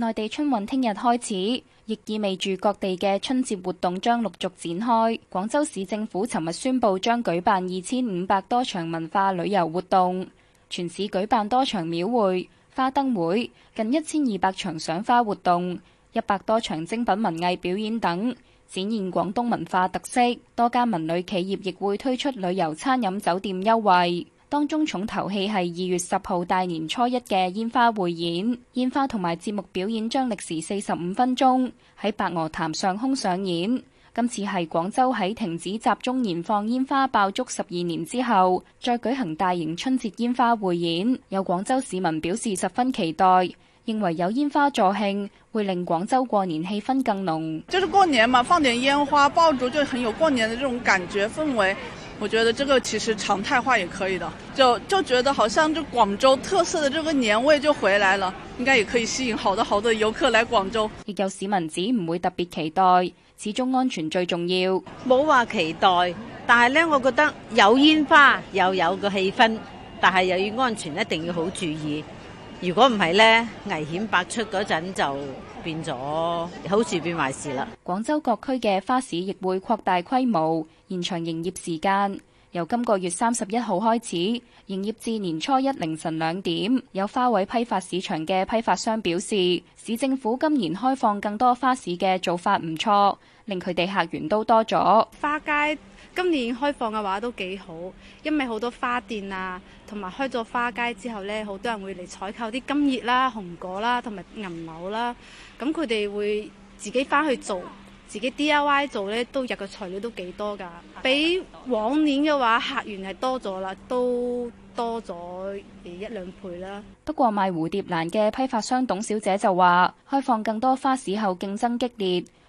內地春運聽日開始，亦意味住各地嘅春節活動將陸續展開。廣州市政府尋日宣布，將舉辦二千五百多場文化旅遊活動，全市舉辦多場廟會、花燈會，近一千二百場賞花活動，一百多場精品文藝表演等，展現廣東文化特色。多家文旅企業亦會推出旅遊、餐飲、酒店優惠。當中重頭戲係二月十號大年初一嘅煙花匯演，煙花同埋節目表演將歷時四十五分鐘，喺白鵝潭上空上演。今次係廣州喺停止集中燃放煙花爆竹十二年之後，再舉行大型春節煙花匯演。有廣州市民表示十分期待，認為有煙花助慶會令廣州過年氣氛更濃。就是過年嘛，放點煙花爆竹，就很有過年的這種感覺氛圍。我覺得這個其實常態化也可以的，就就覺得好像就廣州特色的這個年味就回來了，應該也可以吸引好多好多遊客來廣州。亦有市民指唔會特別期待，始終安全最重要。冇話期待，但係呢，我覺得有煙花又有個氣氛，但係又要安全，一定要好注意。如果唔係呢，危險百出嗰陣就。變咗好變事變壞事啦。廣州各區嘅花市亦會擴大規模，延長營業時間由今個月三十一號開始，營業至年初一凌晨兩點。有花卉批發市場嘅批發商表示，市政府今年開放更多花市嘅做法唔錯，令佢哋客源都多咗。花街今年開放嘅話都幾好，因為好多花店啊，同埋開咗花街之後呢，好多人會嚟採購啲金葉啦、紅果啦同埋銀柳啦，咁佢哋會自己返去做。自己 D.I.Y 做呢，都入嘅材料都幾多㗎，比往年嘅話，客源係多咗啦，都多咗一兩倍啦。不過賣蝴蝶蘭嘅批發商董小姐就話，開放更多花市後競爭激烈。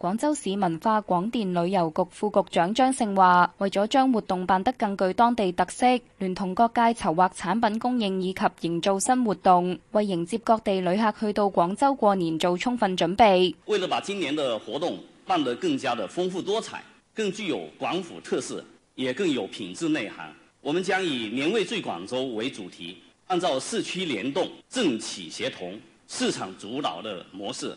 廣州市文化廣電旅遊局副局長張勝話：為咗將活動辦得更具當地特色，聯同各界籌劃產品供應以及營造新活動，為迎接各地旅客去到廣州過年做充分準備。為了把今年的活動辦得更加的豐富多彩，更具有廣府特色，也更有品質內涵，我們將以“年味最廣州”為主題，按照市區聯動、政企協同、市場主導的模式。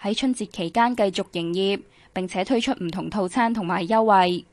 喺春節期間繼續營業，並且推出唔同套餐同埋優惠。